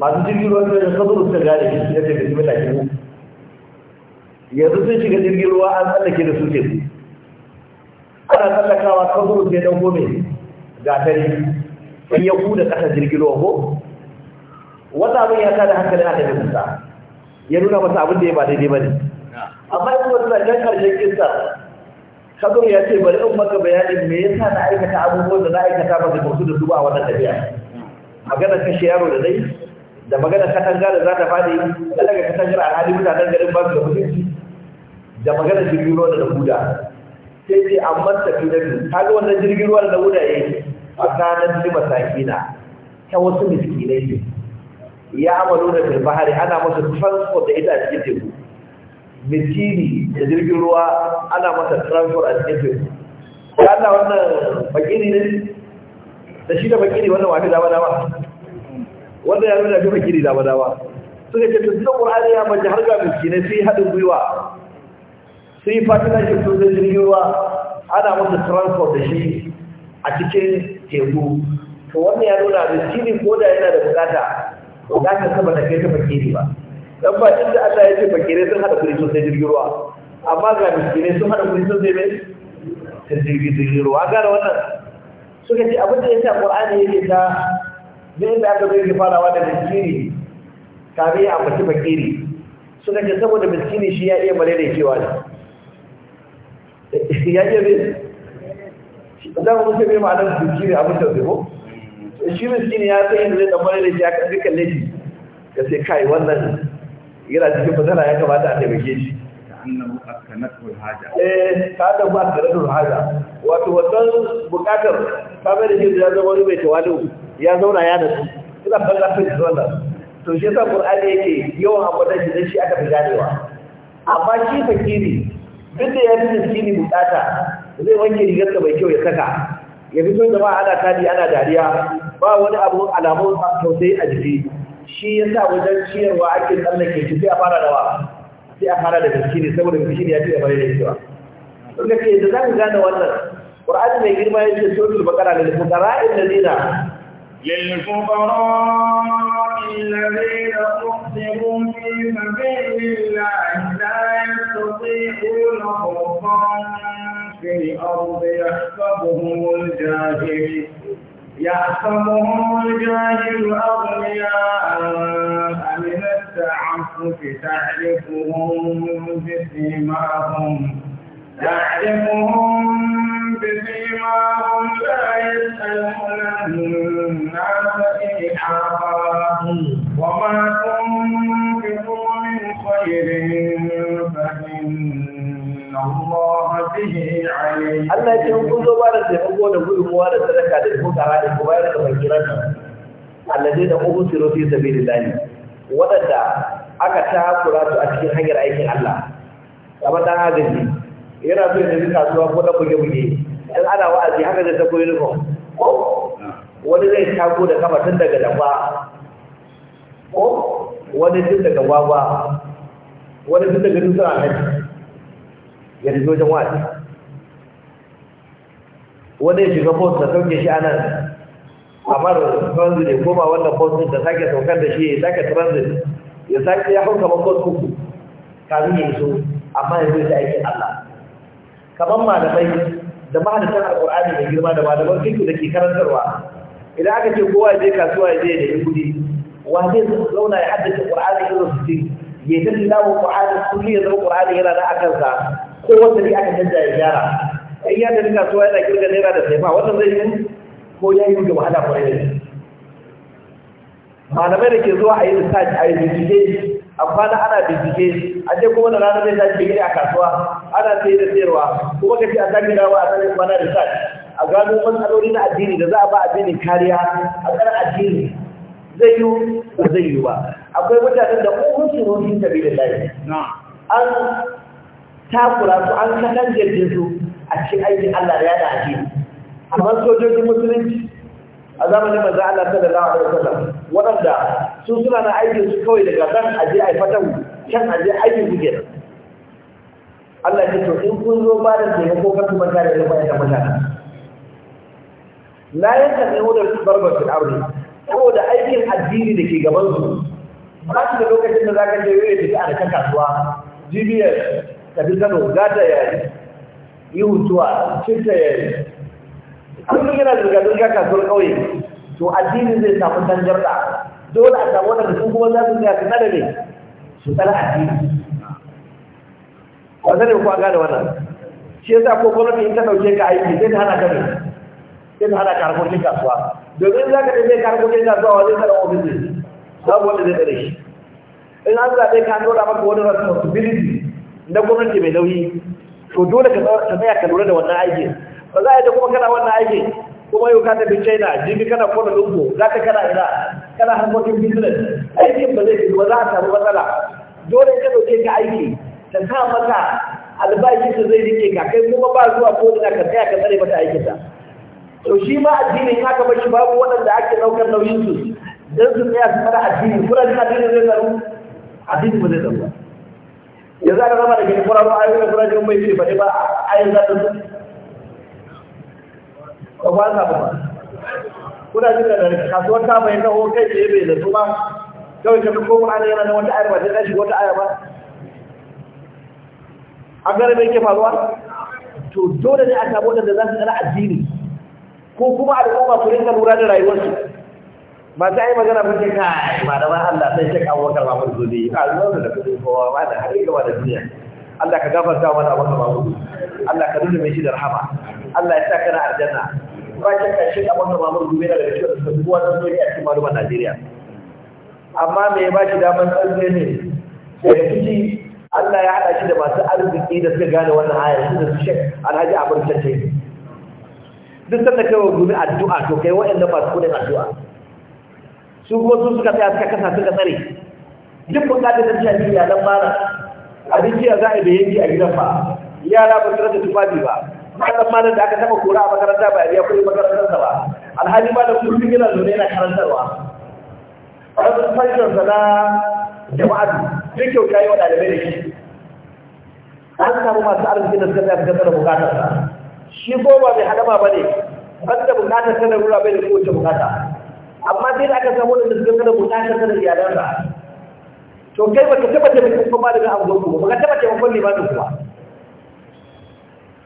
masu jirgin ruwa suka kazo suka gane shi ya ce bismillah yanzu sun shiga jirgin ruwa an tsallake da su ana tsallakawa ka zuru sai dan gome gatari sai ya kuda kasa jirgin ruwa ko wata abin ya tada na annabi Musa ya nuna masa abin da ya ba daidai bane amma in wata da jan karshen kissa kazo ya ce bari in maka bayanin me yasa na aikata abubuwan da na aikata ba da mutu da duba a wannan tafiya magana kashe yaro da dai da magana katanga da za ta fadi da daga katangar alhali mutanen garin ba su da mutunci da magana jirgin ruwa da huda sai ce amma Ta ga wannan jirgin ruwan da wurare a kanan ji masakina ta wasu miskinai ne ya amalo da bil bahari ana masa transport da ita a cikin teku miskini da jirgin ruwa ana masa transport a cikin teku ya ana wannan fakiri ne da shi da fakiri wannan wani dama dama wanda ya nuna fi fakiri dama dama suka ce tun da ya manja har ga miskinai sai haɗin gwiwa Sai yi fatinan shi sun zai jirgin ruwa ana musu transport da shi a cikin teku to wannan ya nuna miskini ko da yana da bukata bukatar sama da kai ta fakiri ba dan ba inda Allah ya ce fakire sun hada kuri sosai jirgin ruwa amma ga miskine sun hada kuri sosai ne sun jirgin jirgin ruwa ga wannan suka ce abin da ya sa Qur'ani yake ta da inda aka zai farawa da miskini tare a mace fakiri suka ce saboda miskini shi ya iya mare da cewa ne ya iya ne za mu mutu ne ma'anar su shi ne abin da zubo shi ne shi ne ya san yadda zai tsammani da shi a kan dukkan laifi ka sai kai wannan yana cikin fasara ya kamata a taimake shi annahu askanatul haja eh ka da ba askanatul haja wato wannan bukatar ka bai da shi ya zama wani mai tawadu ya zauna ya da su ina fara ta shi wannan to shi yasa qur'ani yake yawan abadan shi dan shi aka fi ganewa amma shi fakiri duk da ya fi ne bukata zai wanke rigarsa mai kyau ya saka ya fito da ma ana tadi ana dariya ba wani abu alamun tausayi a jiki shi ya sa wajen ciyarwa ake tsallake shi sai a fara wa sai a fara da ne saboda ne ya fi da bari da cewa don ka ke da za ka gane wannan ƙur'ani mai girma ya ce sotul bakara da da zina للفقراء الذين أحصروا في سبيل الله لا يستطيعون خطا في الأرض يحسبهم الجاهل يحسبهم الجاهل أغنياء من التعفف تعرفهم بسيماهم تعرفهم بسيماهم لا يسألون الناس إلحافا وما تنفقوا من خير فإن الله به عليم. Allah ya ce kun zo ba da taimako da gudunmuwa da sadaka da fukara da kuma da bakiran allazi aka takura su a cikin hanyar aikin Allah kamar dan agaji yana so ya tafi kasuwa ko da buge buge in ana wa'azi haka zai tako uniform wani zai tako da kafa tun daga dafa wani tun daga gwagwa wani tun daga dutsen ahadi ya tafi wajen wa'azi wani ya shiga post da sauke shi a nan amar transit ya koma wannan post da sake saukar da shi ya sake transit ya sake ya hau kamar post uku kafin ya iso amma ya zai aikin Allah kamar malamai da mahadatan alƙur'ani mai girma da malaman fiqh da ke karantarwa idan aka ce kowa ya je kasuwa ya je ya kudi kuɗi wa zai zauna ya haddace qur'ani irin su ya ta da qur'ani kulli ya zama qur'ani yana da akan sa ko wanda ne aka canza ya gyara ai ya tafi kasuwa yana kirga naira da sai wannan zai yi ko ya yi da wahala kwarai da malamai da ke zuwa a yi research a yi bincike a kwana ana bincike a je kuma da rana zai tashi digiri a kasuwa ana sai da sayarwa kuma ka ce a gina wa a sanin kwana da sa a gano matsaloli na addini da za a ba addini kariya a kan addini zai yi ba zai yi ba akwai mutanen da kuma su rufi tabi da lafi an takura su an kanan jirgin su a cikin aikin Allah da yada addini amma sojojin musulunci a zamanin manzo Allah lawa da wasallam waɗanda su suna na aikin su kawai daga kan aje a fatan can aje aikin su kenan Allah ya to in kun zo ba da taimako ko ku manta da irin wayannan mata. la yastami'u su barbar fil ko saboda aikin addini da ke gaban su ba su da lokacin da zaka je yau tafi a kan kasuwa GBS, tafi Kano gata ya yi hutuwa cinta ya yi kullum yana zirga-zirga kasuwar ƙauye to addini zai samu tangarda dole a samu wanda su kuma za su ga su nada ne su tsara addini ba zane ku an gane wannan shi yasa ko gwamnati in ta dauke ka aiki sai ta hana ka ne sai ta hana ka harkokin kasuwa domin za ka tafi ka harkokin kasuwa wani zai tsara ofis ne babu wanda zai tsare shi in an zaɓe ka dora maka wani responsibility na gwamnati mai nauyi to dole ka tsaya ka lura da wannan aikin ba za a yi da kuma kana wannan aikin kuma yau ka tafi china jibi kana kona lungu za ka kana ina kana harkokin business aikin ba zai ba za a samu matsala dole ka dauke ka aiki ta sa mata su zai rike ka kai kuma ba zuwa ko ina ka tsaya ka tsare mata aikinsa to shi ma addini in aka shi babu waɗanda ake ɗaukar nauyin su dan su tsaya su fara addini kuna jin addini zai zaru addini ba zai zaru Ya za ka zama da ke kurarun ayoyi da kurarun mai fili faɗi ba ayin za ta su ka ba za ba kuna jin da kasuwar ta bayyana ko kai tsaye bai zato su ba kawai ka fi koma ana yana da wata ayar ba ta shiga wata aya ba an gane mai ke faruwa to dole ne a samu wadanda za su tsara addini ko kuma al'umma su rinka lura da rayuwarsu ba ta yi magana mun ce kai ba da ba Allah sai shek Abubakar Mahmud Zodi ka lura da kudin kowa ba da har gaba da duniya Allah ka gafarta mana Abubakar Mahmud Allah ka nuna mai shi da rahama Allah ya sa kana aljanna ba ta ka shek Abubakar Mahmud Zodi daga cikin sabuwar duniya a cikin malumar Najeriya amma me ba shi daman tsalle ne da kici Allah ya haɗa shi da masu arziki da suka gane wannan ayar su da su shek alhaji abin cece duk sanda kai wa gumi addu'a to kai waɗanda masu kudin addu'a su kuma su suka tsaya suka kasa suka tsare duk bukatar da shafi iyalan mara abinci a za a bai yanki a gidan ba yara ba su rasa tufafi ba malam malam da aka taɓa kora a makaranta ba biya kuɗi makarantarsa ba Alhaji alhali malam kullum yana zaune yana karantarwa wasu fashinsa na jama'atu duk kyauta yi wa ɗalibai da shi an samu masu arziki da suka tsaya suka tsara bukatar sa shi ko ba mai hadama ba ne ban da bukatar sa da rura bai da kowace bukata amma sai da aka samu da suka tsara bukatar sa da iyalansa to kai baka taba taimakon kuma daga angon ku baka taba taimakon ne ba da kuwa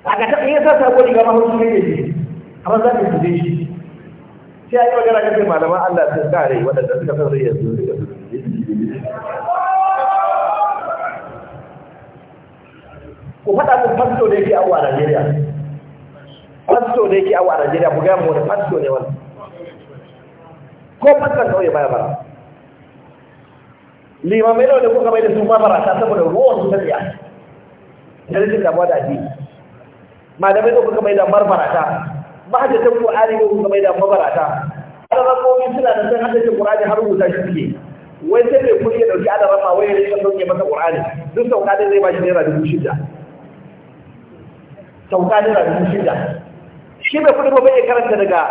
a ga taɓa yin sa sabo riga ma hausa kai ne amma za ka tuje shi sai a yi magana kafin malaman Allah sun kare waɗanda suka san rai yanzu suka tuje ku faɗa min fasto da yake awo a Najeriya fasto da yake awo a Najeriya ku gaya mu wani fasto ne wani ko faston kauye baya bara limamai nawa ne kuka mai da su ta saboda ruwan su tafiya da rikin damuwa da addini malamai nawa kuka mai da marmarata mahajjatan ari ne kuka mai da mabarata alamomi suna da san haddace Qur'ani har rubuta shi suke wai sai mai kuɗi ya dauki ma wai ya rika sauke masa Qur'ani duk sauka dai zai ba shi naira dubu shida kyauta naira dubu shida shi mai kuɗi ba bai karanta daga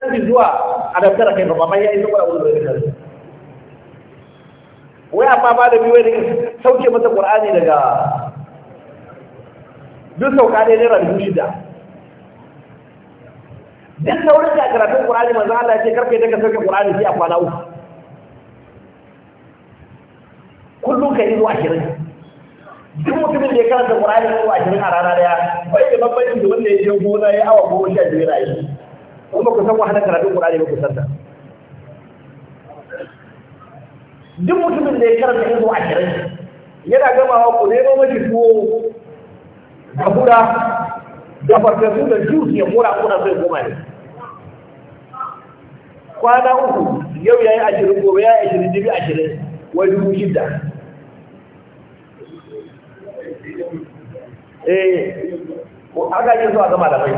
canji zuwa a daftara kai ba ya yi zuwa wani zai karanta wai amma ba da biyu daga sauke masa ƙur'ani daga duk sauka ne naira dubu shida duk saurin da karatun ƙur'ani manzo Allah ya ce karfe daga sauke ƙur'ani sai a kwana uku kullum ka yi zuwa ashirin duk mutumin da ya karanta Qur'ani ko ashirin a rana daya bai da bambanci da wanda ya je gona ya awa goma sha biyar a yi kuma ku san wahalar karatun Qur'ani ba ku san ta duk mutumin da ya karanta izo ashirin yana gamawa ku nemo mashi tuwo da da farfesu da juice ya mura kuna sai goma ne kwana uku yau ya yi ashirin gobe ya yi ashirin jibi ashirin wai dubu shidda eh aga yin zuwa ga malamai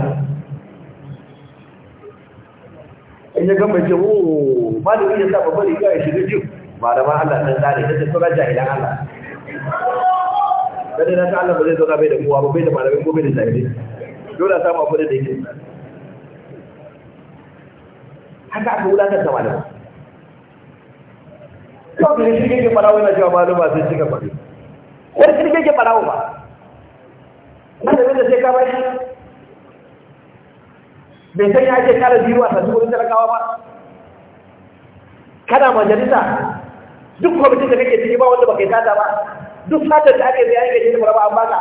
in ya gama ce o oh, malami ya sa babbar riga ya shiga jin malaman Allah dan tsare ta sauran jahilan Allah kada na ta Allah ba zai zauna bai da kowa ba bai da malamai ko bai da jahilai dole a samu abin da yake haka aka wulatar da malamai kawai da shi yake farawa yana cewa malama sai cika kwaɗi wani shi yake farawa ba malamin da wanda sai ka bashi bai san ya ake kara biyu a sassu wurin talakawa ba kana majalisa duk kwamitin da kake ciki ba wanda ba kai sata ba duk satar da ake ake gaje da maraba an baka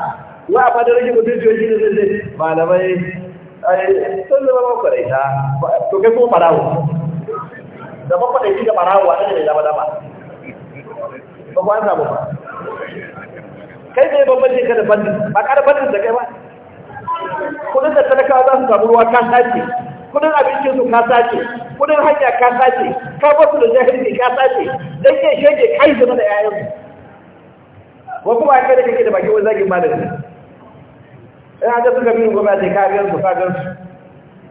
wa a fadar rikin mutum jiyoyi da zai zai malamai sun zama ta, to kai kuma farawo da makwaraita da farawo a ɗan da dama dama ba ku an samu ba kai ne bambance ka da bandin ba ka da bandit da kai ba kudin da talakawa za su samu ruwa ka sace kudin abincin su ka sace kudin hanya ka sace ka basu da jahilci ka sace dan ke shege kai zama da yayan ko kuma kai da kake da baki wani zagin malami ina haka suka bi gwamnati ka ga su ka ga su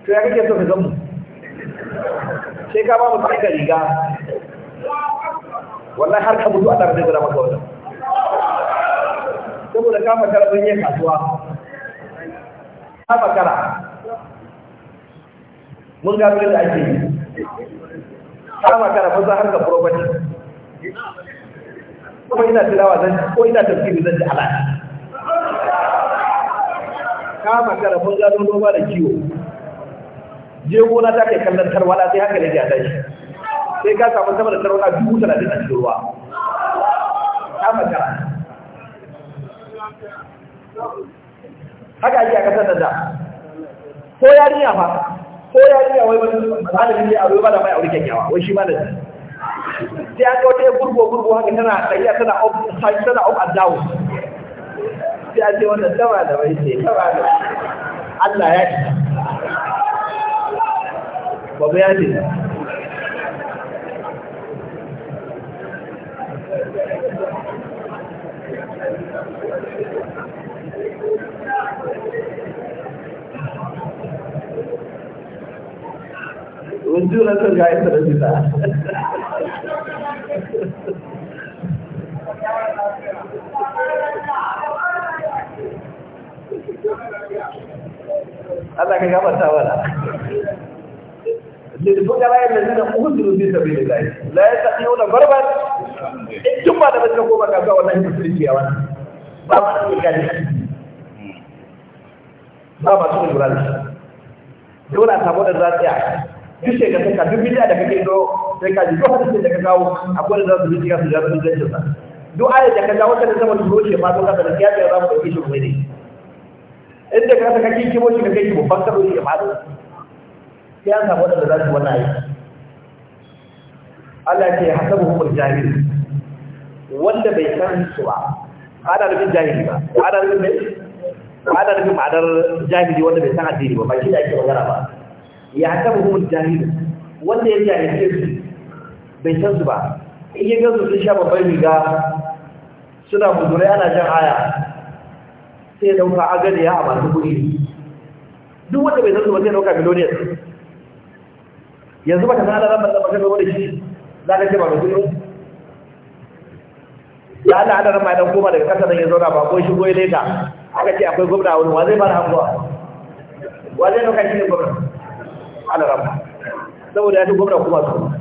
to ya kake so ka gamu sai ka ba mu sai ka riga wallahi har ka mutu a tare da maka wannan saboda ka makara don yin kasuwa ka makara mun gano da ake yi ka makara fasa harkar property kuma ina tilawa zan ko ina tafsiri zan ji ala. ka makara mun gano noma da kiwo je gona ta kai kallon tarwala sai haka ne ya tashi sai ka samu sama da tarwala dubu talatin a cikin ruwa ka makara haka ake a kasar da da ko yarinya fa ko yarinya wai wani malamin a aure ba da mai aure kyakkyawa wai shi ba malami sai an kawo ta gurgo gurgo haka tana tsayiya tana up tana a and down sai an ce wannan tama da bai sai tama da Allah ya ci babu ya ce والجولة ترجع إلى الجزاء Allah ka ta wala للفقراء الذين أخذوا في سبيل الله لا يستطيعون ضربا ثم da bace eh, ko baka ga wannan musulunci a wannan ba ma su gani ba ma su gurbi dole a samu da za duk shekar ta duk bid'a da kake zo sai ka ji duk hadisin da ka kawo akwai da za su bincika su da sun zance sa duk ayat da ka kawo ta zama duro ce ma to ka da kiyaye za mu dauke shi gobe inda ka saka kike kimo shi ka kai kimo ban karo ma to sai an samu za su wannan ayi Allah ce hasabuhum jahil wanda bai san su ba ana nufin jahili ba ana nufin ana ma'anar jahili wanda bai san addini ba ba shi da ake magana ba ya taba mun jahilu wanda ya jahilce su bai san su ba in ya ga su sun sha babbar riga suna budure ana jan aya sai dauka agade ya a masu kudi. duk wanda bai san su ba sai dauka miloniyar yanzu ba ta sana ran ba da magana wani shi za ka ce ba mai ya Allah ana ran ma dan koma daga kasa nan ya zauna ba ko shi goyi leta aka ce akwai gwamna wani wa zai fara hankuwa wa zai dauka shi ne gwamna alarama saboda ya fi gwamna kuma su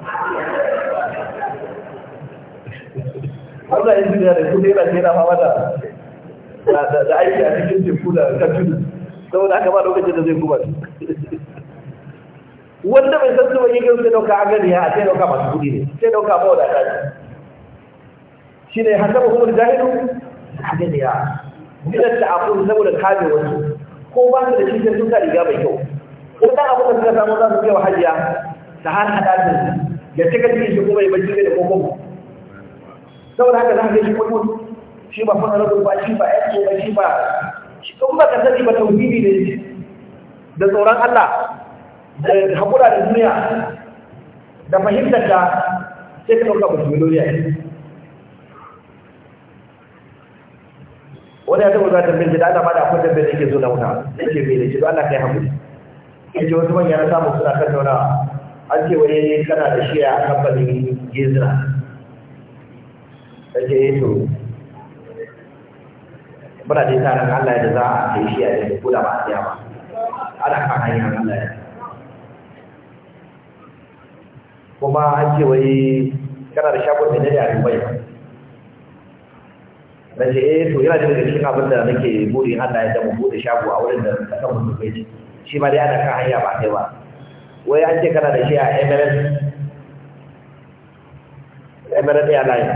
Allah ya zuwa da kuma yana yana fama da aiki a cikin teku da kafin saboda aka ba lokacin da zai kuma su wanda bai san zuwa yake sai dauka agari ya sai dauka masu kudi ne sai dauka ba da ta shi ne hasaba kuma jahilu agari ya bila ta afu saboda kaje wasu ko ba su da cikin sun ta riga mai kyau in da abin da suka samu za su wa hajiya ta har hada ta ya cika cikin shi kuma ya bacci da kokon saboda haka za ka shi kuma shi ba fara rubu ba shi ba ya ba shi ba shi kun ba ka sani ba tauhidi da shi da tsoron Allah da hakura da duniya da fahimtar ta sai ka ɗauka ba su mutum duniya wani ya taɓa za ta bin jida ana ba da akwai tambayar da yake zo na wuta da yake mai da shi Allah ka yi haƙuri ya ce wasu manya na samu suna tattaunawa an ce wani kana da shi a kamfanin gizra da ke yato eh, bada muna da ita ran Allah da za a ce shi a yanzu kula ba a siya ba ana kan hanyar Allah kuma an ce wani kana da shagon da ne a Dubai da ce eh to yana daga cikin abin da nake burin hannaye da mu bude shago a wurin da kasan mutum bai ciki shi ma dai ana kan hanya ba kai ba wai an ce kana da shi a emirates emirates airlines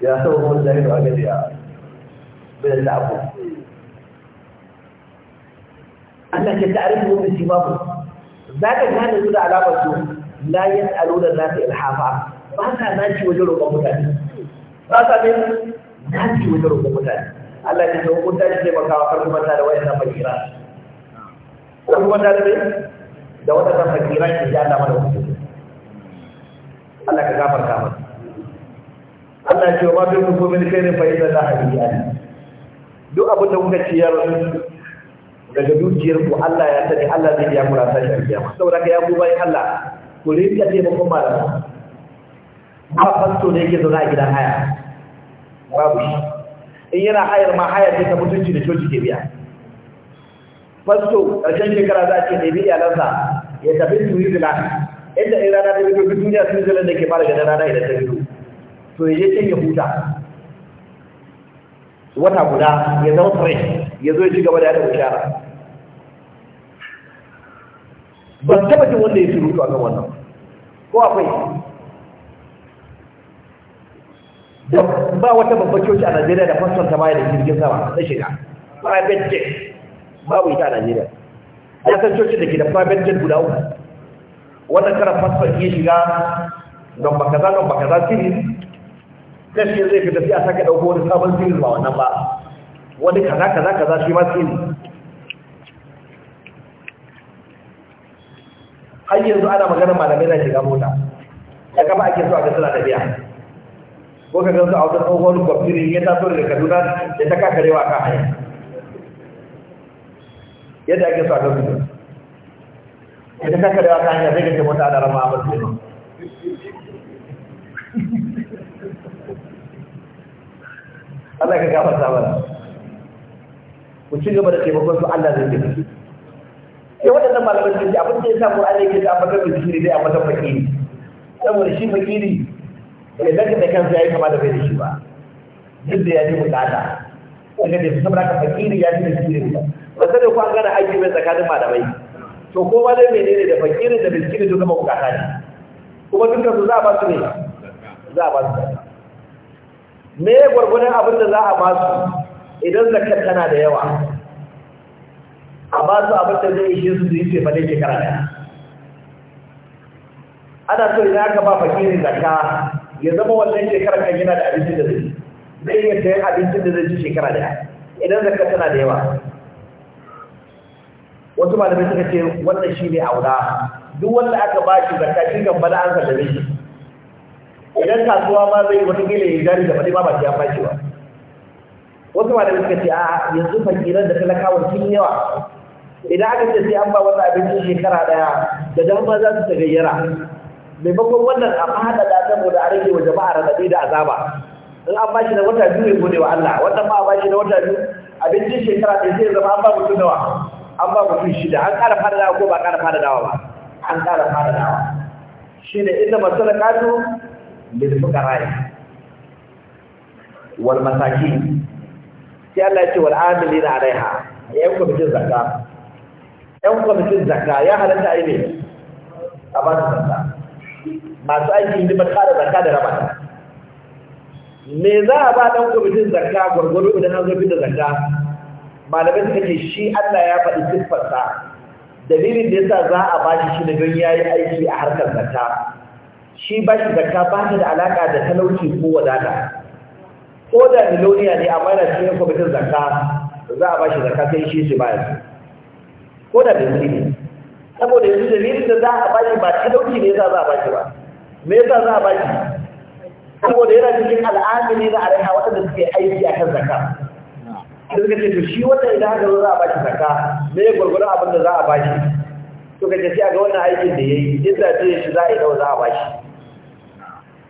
ya saba kuma da yadda aka biya bin da abu Allah ke ta ta'arifu wa bisimamu zaka gane su da alamar su la yas'aluna ta ilhafa ba ka naci wajen roƙon mutane ba ka ne naci wajen roƙon mutane Allah ya ce ko ta ce maka kar kuma ta da wayannan fakira ko kuma ta da wata wadannan fakira ke ya Allah mana wuce Allah ka gafarta mana Allah ya ce ma bi ku min khairin fa inna Allah ya alim duk abin da kuka ciyar daga dukiyar ku Allah ya sani Allah zai ya mura sai shi kiyama saboda ka ya ku bai Allah ku rinka ba kuma ba fasto ne yake zo a gidan haya babu shi in yana hayar ma hayar ce ta mutunci da coci ke biya fasto ƙarshen shekara za a ce ɗabi iyalansa ya tafi switzerland inda in rana ta fito duk duniya sun switzerland da ke fara ganin rana idan ta fito to ya je can ya huta wata guda ya zama fresh ya zo ya ci gaba da yada bishara ban taɓa jin wanda ya surutu a kan wannan ko akwai ba wata babbar coci a Najeriya da fasfon ta baya da jirgin sama na shiga private jet babu ita a Najeriya ya san coci da ke da private jet guda uku wannan kara fasfon iya shiga don baka kaza don baka kaza series kan shi zai fita sai a saka dauko wani sabon series ba wannan ba wani kaza kaza kaza shi ma series har yanzu ana magana malamai na shiga mota da kafa ake so a ga suna tafiya ko ka gansu a wata tsohon gwamnati ya taso daga kaduna da ta kakarewa ka haya, yadda ake sa gansu da ta kakarewa ka haya zai ga mota da rama a masu Allah ka gafarta samara ku ci gaba da taimakon su Allah zai taimake sai waɗannan malamar sun ji abin da ya samu ala yake da abakan da shiri dai a matan fakiri saboda shi fakiri bai zaka da kansa yayi kama da bai da shi ba duk da ya ji bukata daga da saboda ka fakiri ya ji miskini ba ba sai da ku an aiki mai tsakanin malamai to kowa dai menene da fakirin da miskini duka mabukata ne kuma dukkan su za a ba su ne za a ba su me ya gwargwadon abin da za a ba su idan zakar tana da yawa a ba su abin da zai ishe su su yi ba ne shekara daya ana so idan aka ba fakirin zakka ya zama wannan shekarar kan yana da abincin da zai zai iya sayan abincin da zai ci shekara daya idan zaka tana da yawa wasu malamai suka ce wannan shi ne aura duk wanda aka ba shi zakka shi kan bada an sallame shi idan kasuwa ma zai wata gele ya gari da fadi ma ba shi ya fashi ba wasu malamai suka ce a yanzu fakiran da talakawa sun yawa idan aka ce sai an ba wannan abincin shekara daya da dama za su ta gayyara maimakon wannan a ta da a rage wa jama'a raɗaɗi da azaba in an ba shi na wata biyu ya gode wa Allah wannan ma a ba shi na wata biyu abincin shekara ɗaya zai zama an ba mutum nawa an ba mutum shida an ƙara dawa ko ba ƙara dawa ba an ƙara dawa. shi ne inda masana ƙato da fuka rai wal masaki sai Allah ya ce wal amili na alaiha yan kwamitin zakka yan kwamitin zakka ya halatta a yi ne a ba su zakka masu aikin hidimar da zakka da rabata. me za a ba dan kwamitin zakka gwargwado idan an zo da zakka malamai suka ce shi Allah ya faɗi siffarsa dalilin da yasa za a bashi shi ne don yayi aiki a harkar zakka shi bashi zakka ba shi da alaka da talauci ko wadata ko da miloniya ne amma yana cikin kwamitin zakka za a bashi zakka sai shi shi bayar ko da bai ne saboda yanzu dalilin da za a baki ba ta dauki ne za a baki ba me yasa za a baki saboda yana cikin al'amili na alaiha waɗanda suke aiki a kan zaka da suka ce to shi wanda idan haka za a baki zaka me ya gwargwaron abin da za a baki to ka sai a ga wannan aikin da ya yi inda ce shi za a yi da za a baki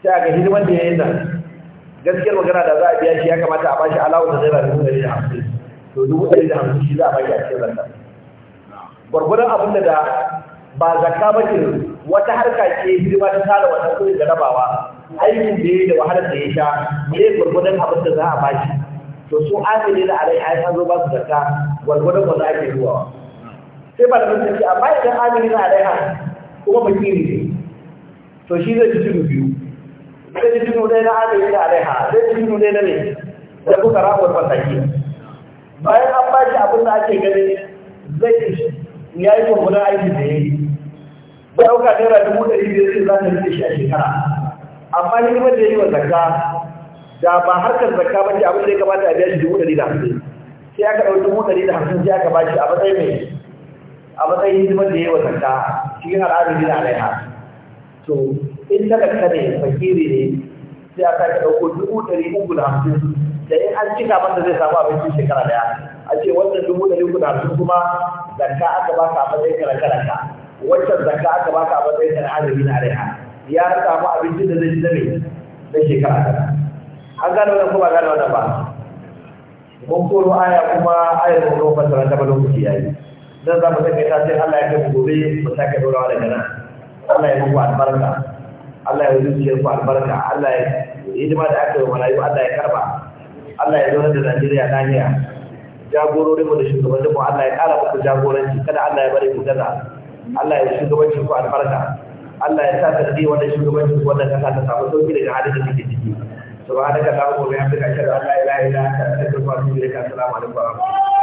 sai a ga hidimar da ya yi nan gaskiyar magana da za a biya shi ya kamata a bashi alawar da zai ba dubu ɗari da hamsin to dubu ɗari da hamsin shi za a baki a cikin zaka gwargwadon abin da ba zakka ba ce wata harka yi hidima ta tara wata kuri da rabawa aikin da ya da wahalar da ya sha ne ya gwargwadon abin da za a bashi to su amini da alai a an zo ba su zakka gwargwadon wanda ake zuwa sai ba da mutum ce amma idan amini da alai kuma fakiri ne to shi zai ci cikin biyu zai ci tudu ɗaya na amini da alai zai ci tudu ɗaya na ne da kuka rahuwar fasaki bayan an ba shi abin da ake gani zai ci ya yi kwamfunan aiki da ya yi ba ɗauka naira dubu ɗari biyar zai za ta rike shi a shekara amma hidimar da ya yi wa zakka da ba harkar zakka ba ce abin da ya kamata a biya shi dubu ɗari da hamsin sai aka ɗau dubu ɗari da hamsin sai aka bashi a matsayin mai a matsayin hidimar da ya yi wa zakka cikin al'adun a alaiha to in talaka ne fakiri ne sai aka ɗauko dubu ɗari uku da hamsin da in an cika masa zai samu abincin shekara daya a ce wannan dubu ɗari uku da hamsin kuma zakka aka baka a matsayin karaka wancan zakka aka baka a matsayin kan azumi na alaiha ya samu abinci da zai ci na shekara ta an gane wannan ko ba gane wannan ba mun koro aya kuma aya da kuma fasara ta lokaci yayi dan za mu sake ta sai Allah ya kai gobe mu sake dorawa daga nan Allah ya muku albarka Allah ya zuciyar ku albarka Allah ya hidima da aka yi wa marayu Allah ya karba Allah ya zo da Najeriya lafiya jagororin mu da shugabannin mu Allah ya kara muku jagoranci kada Allah ya bari ku gaza Allah ya shugabanci ku albarka Allah ya sa ta ji wannan shugabanci ku wannan kasa ta samu sauki daga halin da take ciki subhanaka allahumma wa bihamdika ashhadu an la ilaha illa anta astaghfiruka wa atubu ilaik assalamu alaikum wa rahmatullahi